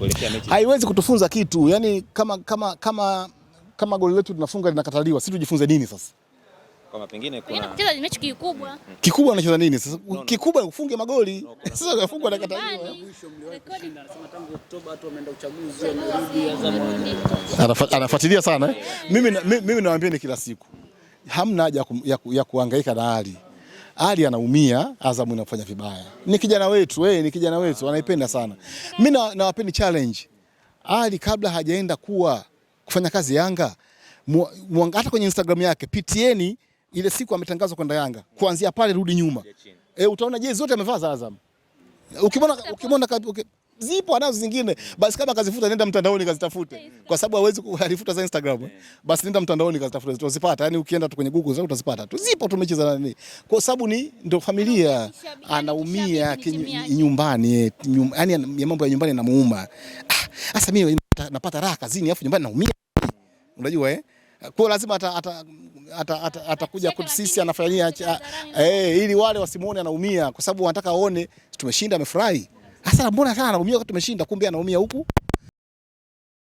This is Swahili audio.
kuelekea mechi haiwezi kutufunza kitu. Yani kama, kama, kama, kama goli letu tunafunga linakataliwa, si tujifunze nini sasa? Kama pengine kuna kucheza yaani mechi kikubwa mm-hmm. kikubwa, anacheza nini sasa? no, no. Kikubwa ufunge magoli no, sasa unafungwa nakataliwa. Yaani, yaani, anafuatilia sana Mimi Mimi nawaambia ni kila siku hamna haja ya kuhangaika na hali ali anaumia, azamu inafanya vibaya. Ni kijana wetu, eh, ni kijana wetu, anaipenda sana. Mimi nawapeni challenge. Ali kabla hajaenda kuwa kufanya kazi Yanga, hata kwenye Instagram yake pitieni ile siku ametangazwa kwenda Yanga, kuanzia pale rudi nyuma. Eh, utaona jezi zote amevaa za Azam. Ukimwona ukimwona zipo anazo zingine, basi kama kazifuta, nenda mtandaoni kazitafute, kwa sababu hawezi kualifuta za Instagram. Basi nenda mtandaoni kazitafute, utazipata. Yani ukienda tu kwenye Google utazipata tu, zipo tumecheza na nini, kwa sababu ni ndio familia yaani yaani anaumia nyumbani, eh, yani ya mambo ya nyumbani yanamuuma. Ah, sasa mimi napata raha kazini, afu nyumbani naumia, unajua eh kwa lazima atakuja kwetu sisi anafanyia, eh, ili wale wasimuone anaumia, kwa sababu wanataka aone tumeshinda, amefurahi. Hasa mbona kana anaumia wakati tumeshinda, kumbe anaumia huku.